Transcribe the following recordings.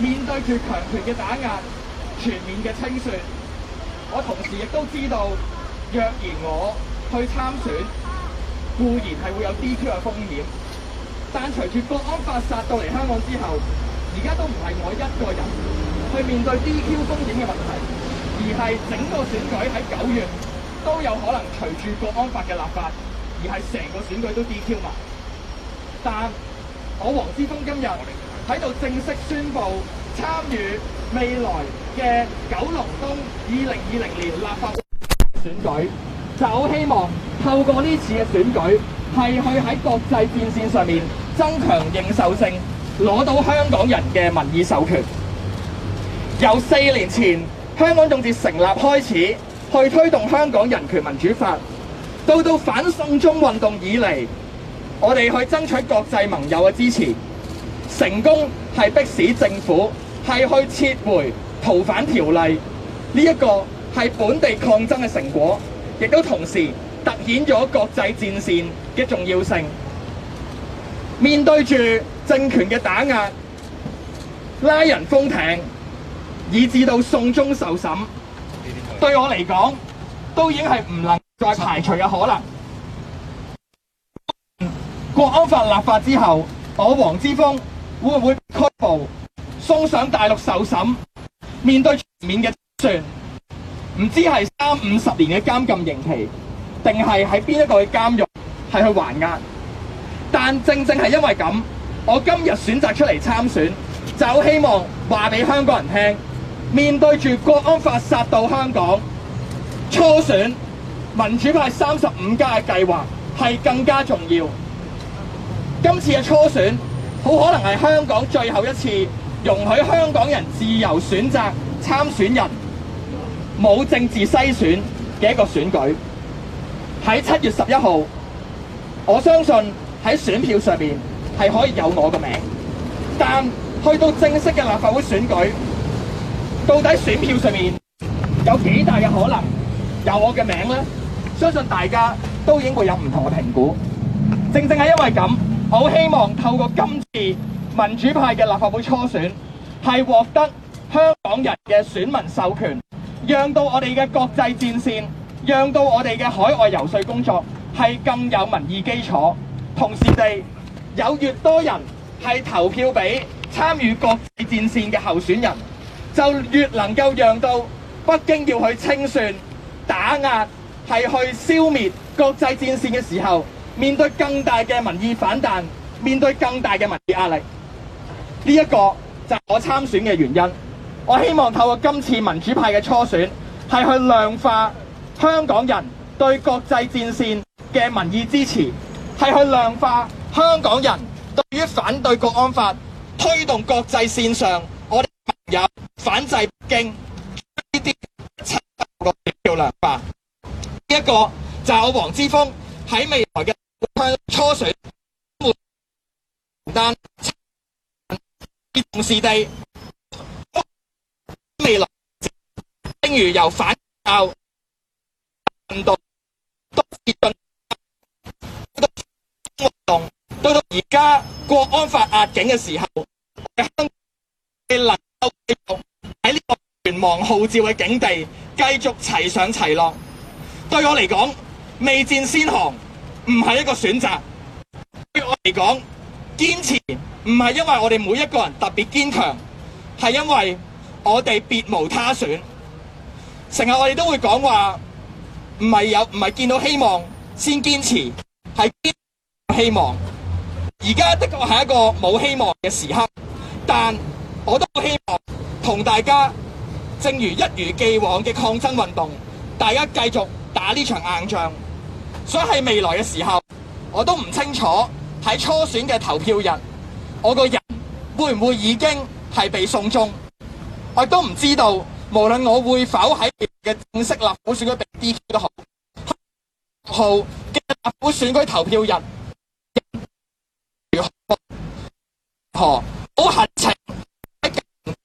面對住強權嘅打壓，全面嘅清算。我同時亦都知道，若然我去參選，固然係會有 DQ 嘅風險。但隨住國安法殺到嚟香港之後，而家都唔係我一個人去面對 DQ 風險嘅問題，而係整個選舉喺九月都有可能隨住國安法嘅立法，而係成個選舉都 DQ 埋。但我黃之鋒今日喺度正式宣布參與未來嘅九龍東二零二零年立法會的選舉，就希望透過呢次嘅選舉，係去喺國際戰線上面增強認受性，攞到香港人嘅民意授權。由四年前香港眾志成立開始，去推動香港人權民主法，到到反送中運動以嚟，我哋去爭取國際盟友嘅支持。成功係迫使政府係去撤回逃犯條例，呢、這、一個係本地抗爭嘅成果，亦都同時突顯咗國際戰線嘅重要性。面對住政權嘅打壓、拉人封艇，以至到送中受審，對我嚟講都已經係唔能再排除嘅可能。國安法立法之後，我黃之鋒。會唔會被拘捕、送上大陸受審、面對全面嘅制裁？唔知係三五十年嘅監禁刑期，定係喺邊一個嘅監獄係去還押？但正正係因為咁，我今日選擇出嚟參選，就希望話俾香港人聽：面對住國安法殺到香港，初選民主派三十五+嘅計劃係更加重要。今次嘅初選，好可能係香港最後一次容許香港人自由選擇參選人，冇政治篩選嘅一個選舉。喺七月十一號，我相信喺選票上面係可以有我嘅名，但去到正式嘅立法會選舉，到底選票上面有幾大嘅可能，有我嘅名咧？相信大家都已經會有唔同嘅評估。正正係因為咁。好希望透過今次民主派嘅立法會初選，係獲得香港人嘅選民授權，讓到我哋嘅國際戰線，讓到我哋嘅海外遊說工作係更有民意基礎。同時地，有越多人係投票俾參與國際戰線嘅候選人，就越能夠讓到北京要去清算、打壓，係去消滅國際戰線嘅時候，面對更大嘅民意反彈，面對更大嘅民意壓力，呢、這、一個就係我參選嘅原因。我希望透過今次民主派嘅初選，係去量化香港人對國際戰線嘅民意支持，係去量化香港人對於反對國安法、推動國際線上我哋朋友反制北京呢啲嘅一個量化。呢、這、一個就係我黃之鋒喺未來嘅。向初誰承擔？是地未來，正如由反教運動到到到而家國安法壓境嘅時候，我哋能夠喺呢個拳王號召嘅境地繼續齊上齊落，對我嚟講，未戰先行。唔係一個選擇，對我嚟講，堅持唔係因為我哋每一個人特別堅強，係因為我哋別無他選。成日我哋都會講話，唔係有唔係見到希望先堅持，係希望。而家的確係一個冇希望嘅時刻，但我都好希望同大家正如一如既往嘅抗爭運動，大家繼續打呢場硬仗。所以喺未來嘅時候，我都唔清楚喺初選嘅投票日，我個人會唔會已經係被送中，我都唔知道。無論我會否喺嘅正式立法會選舉被 DQ 都好，後嘅立法會選舉投票日如何，行程好恨情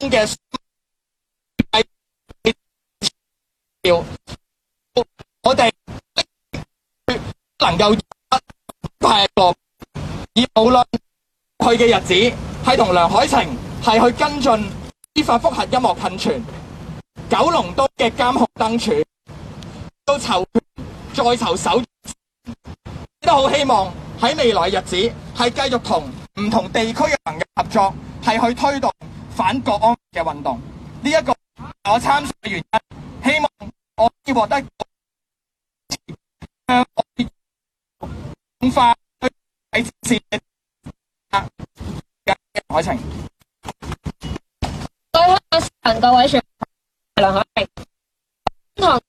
嘅。能夠突破，而無論去嘅日子，係同梁海晴係去跟進依法複核音樂噴泉、九龍都嘅監控燈柱，都籌再籌手，都好希望喺未來日子係繼續同唔同地區嘅人嘅合作，係去推動反國安嘅運動。呢一個我參選嘅原因，希望我可以獲得。是大家嘅愛情。各位上台。唐出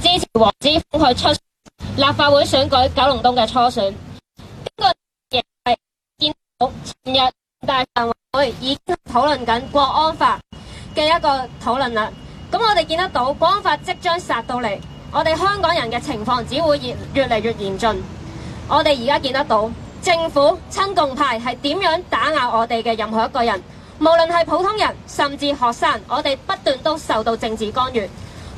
支持黃之鋒去出立法會選舉九龍東嘅初選。今日見到前日大常委會已經討論緊國安法嘅一個討論啦。咁我哋見得到國安法即將殺到嚟，我哋香港人嘅情況只會越越嚟越嚴峻。我哋而家見得到政府親共派係點樣打壓我哋嘅任何一個人，無論係普通人甚至學生，我哋不斷都受到政治干預。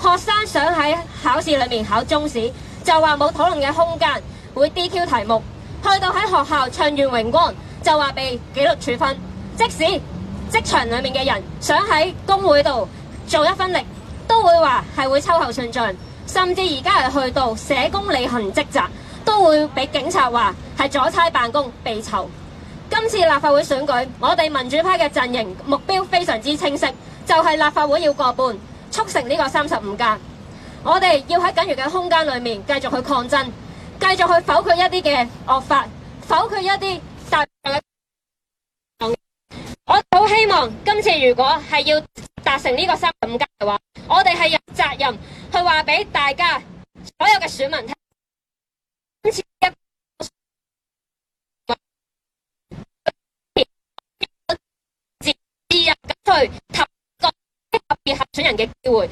學生想喺考試裏面考中史，就話冇討論嘅空間，會 DQ 題目；去到喺學校唱完榮光，就話被紀律處分。即使職場裏面嘅人想喺工會度做一分力，都會話係會秋後算賬，甚至而家係去到社工履行職責。都會俾警察話係阻差辦公被囚。今次立法會選舉，我哋民主派嘅陣營目標非常之清晰，就係、是、立法會要過半，促成呢個三十五加。我哋要喺緊要嘅空間裏面繼續去抗爭，繼續去否決一啲嘅惡法，否決一啲。我好希望今次如果係要達成呢個三十五加嘅話，我哋係有責任去話俾大家所有嘅選民聽。今次嘅選舉，我哋有自由爭取特作特別候選人嘅機會。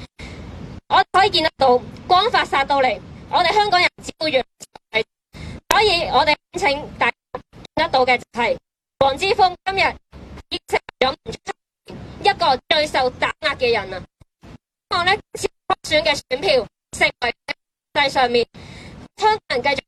我可以見得到光復殺到嚟，我哋香港人只會弱。所以我哋請大家見得到嘅就係黃之鋒，今日亦成為咗一個最受打壓嘅人啊！希望呢次普選嘅選票成為世界上面香港人繼續。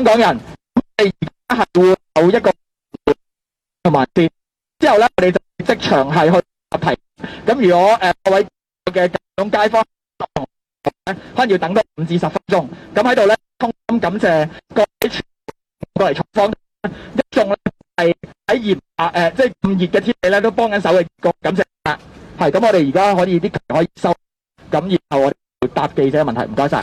香港人，我哋而家係會有一個同埋事，之後咧我哋就即場係去答題。咁如果誒各位嘅街坊咧，可能要等多五至十分鐘。咁喺度咧，衷心感謝各位傳媒過嚟採訪，一眾咧係喺炎誒，即係咁熱嘅天氣咧都幫緊手嘅，我感謝。係咁，我哋而家可以啲羣可以收。咁然後我答記者嘅問題，唔該曬。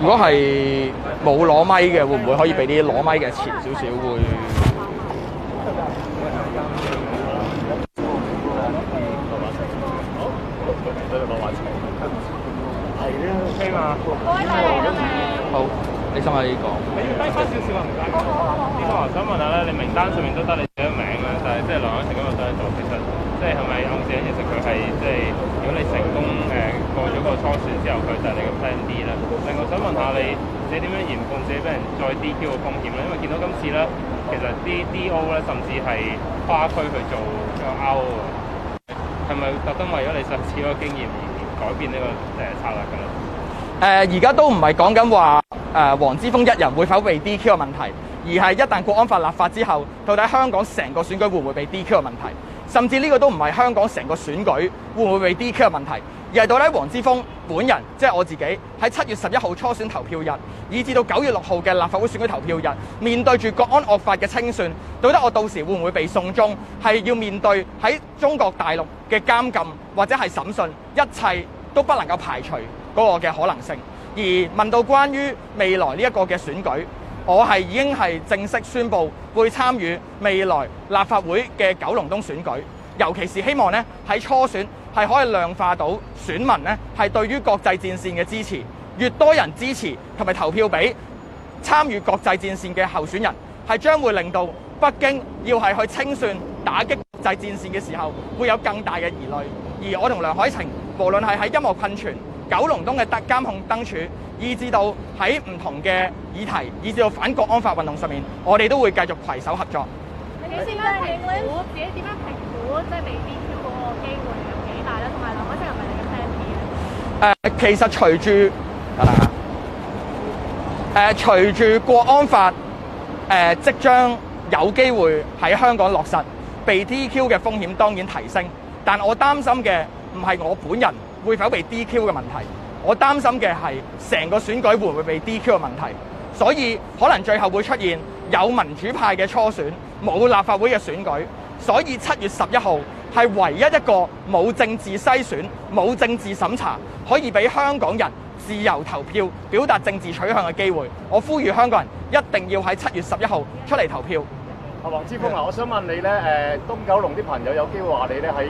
如果係冇攞麥嘅，會唔會可以俾啲攞麥嘅前少少會？係啊，O K 啊。好，你先係講。你要低翻少少啊？呢個想問下咧，你名單上面都得你自己名咧，但係即係梁偉成今日都喺度，其實。即係係咪控制？其實佢係即係，如果你成功誒過咗個初選之後，佢就係你嘅 plan D 啦。另外想問一下你，你怎自己點樣延緩自己俾人再 DQ 嘅風險咧？因為見到今次咧，其實 d DO 咧甚至係跨區去做個 RO，係咪特登為咗你上次嗰個經驗而改變呢個誒策略㗎咧？誒而家都唔係講緊話誒黃之鋒一人會否被 DQ 嘅問題，而係一旦國安法立法之後，到底香港成個選舉會唔會被 DQ 嘅問題？甚至呢個都唔係香港成個選舉會唔會被 DQ 嘅問題，而係到底黃之鋒本人，即係我自己，喺七月十一號初選投票日，以至到九月六號嘅立法會選舉投票日，面對住國安惡法嘅清算，到底我到時會唔會被送中，係要面對喺中國大陸嘅監禁，或者係審訊，一切都不能夠排除嗰個嘅可能性。而問到關於未來呢一個嘅選舉。我係已經係正式宣布會參與未來立法會嘅九龍東選舉，尤其是希望呢喺初選係可以量化到選民呢係對於國際戰線嘅支持，越多人支持同埋投票俾參與國際戰線嘅候選人，係將會令到北京要係去清算打擊國際戰線嘅時候，會有更大嘅疑慮。而我同梁海晴無論係喺音樂噴泉，九龍東嘅特監控燈柱，以至到喺唔同嘅議題，以至到反國安法運動上面，我哋都會繼續攜手合作。你先點評自己點樣評估，即係被 DQ 嗰個機會有幾大咧？同埋林先生有冇啲睇法咧？誒，其實隨住誒隨住國安法誒即將有機會喺香港落實，被 DQ 嘅風險當然提升，但我擔心嘅唔係我本人。會否被 DQ 嘅問題？我擔心嘅係成個選舉會唔會被 DQ 嘅問題，所以可能最後會出現有民主派嘅初選，冇立法會嘅選舉。所以七月十一號係唯一一個冇政治篩選、冇政治審查，可以俾香港人自由投票、表達政治取向嘅機會。我呼籲香港人一定要喺七月十一號出嚟投票。阿黃之鋒啊，我想問你呢，誒東九龍啲朋友有機會話你呢喺？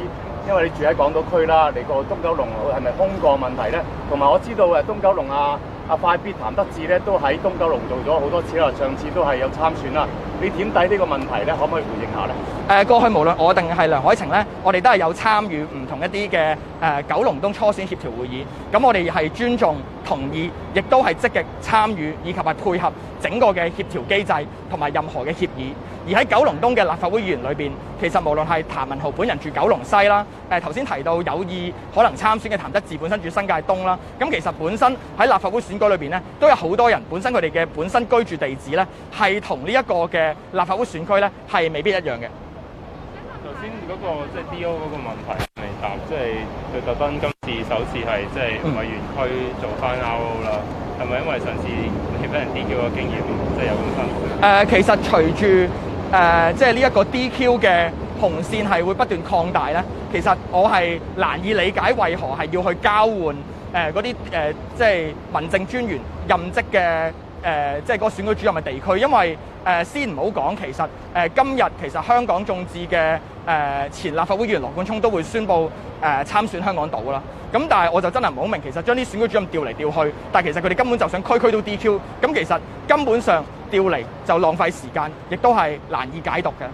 因為你住喺港島區啦，你個東九龍係咪空過問題呢？同埋我知道誒東九龍啊，阿快必譚得志咧都喺東九龍做咗好多次啦，上次都係有參選啦。你點睇呢個問題呢？可唔可以回應下呢？誒，過去無論我定係梁海晴呢，我哋都係有參與唔同一啲嘅九龍東初選協調會議。咁我哋係尊重、同意，亦都係積極參與以及係配合。整個嘅協調機制同埋任何嘅協議，而喺九龍東嘅立法會議員裏邊，其實無論係譚文豪本人住九龍西啦，誒頭先提到有意可能參選嘅譚德志本身住新界東啦，咁其實本身喺立法會選區裏邊咧，都有好多人本身佢哋嘅本身居住地址咧，係同呢一個嘅立法會選區咧係未必一樣嘅。頭先嗰個即係、就是、D.O. 嗰個問題未答，即係佢特登今次首次係即係委員區做翻 R.O. 啦，係咪因為上次？俾人 DQ 個經驗，即係有咁辛苦。誒，其實隨住誒，即係呢一個 DQ 嘅紅線係會不斷擴大咧。其實我係難以理解為何係要去交換誒嗰啲誒，即係民政專員任職嘅。誒、呃，即係嗰個選舉主任咪地區，因為誒、呃、先唔好講，其實誒、呃、今日其實香港眾志嘅誒、呃、前立法會議員羅冠聰都會宣布誒、呃、參選香港島啦。咁但係我就真係唔好明，其實將啲選舉主任調嚟調去，但其實佢哋根本就想區區都 DQ。咁其實根本上調嚟就浪費時間，亦都係難以解讀嘅。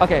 Okay.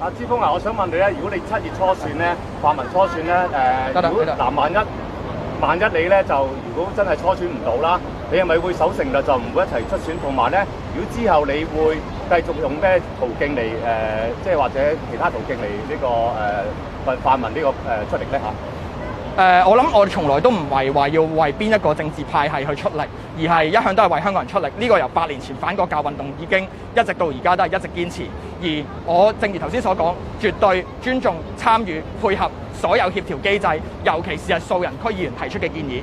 阿之鋒啊，我想問你咧，如果你七月初選咧，泛民初選咧，誒、呃，如果嗱、啊，萬一萬一你咧就如果真係初選唔到啦，你係咪會守成率就唔會一齊出選，同埋咧，如果之後你會繼續用咩途徑嚟誒、呃，即係或者其他途徑嚟呢、這個誒泛、呃、泛民、這個呃、呢個誒出力咧嚇？Uh, 我諗我從來都唔係話要為邊一個政治派系去出力，而係一向都係為香港人出力。呢、呢個由八年前反國教運動已經一直到而家都係一直堅持。而我正如頭先所講，絕對尊重參與配合所有協調機制，尤其是係素人區議員提出嘅建議。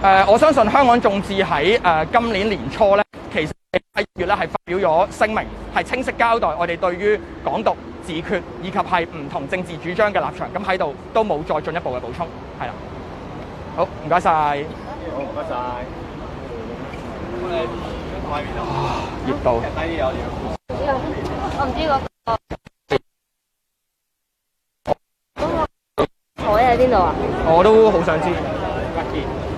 誒、呃，我相信香港眾志喺誒、呃、今年年初咧，其實喺一月咧，係發表咗聲明，係清晰交代我哋對於港獨、自決以及係唔同政治主張嘅立場，咁喺度都冇再進一步嘅補充，係啦。好，唔該晒，好、啊，唔該曬。你睇邊度？葉、啊、道、那個。低啲又點？唔知嗰個海喺邊度啊？我都好想知。啊，謝謝謝謝。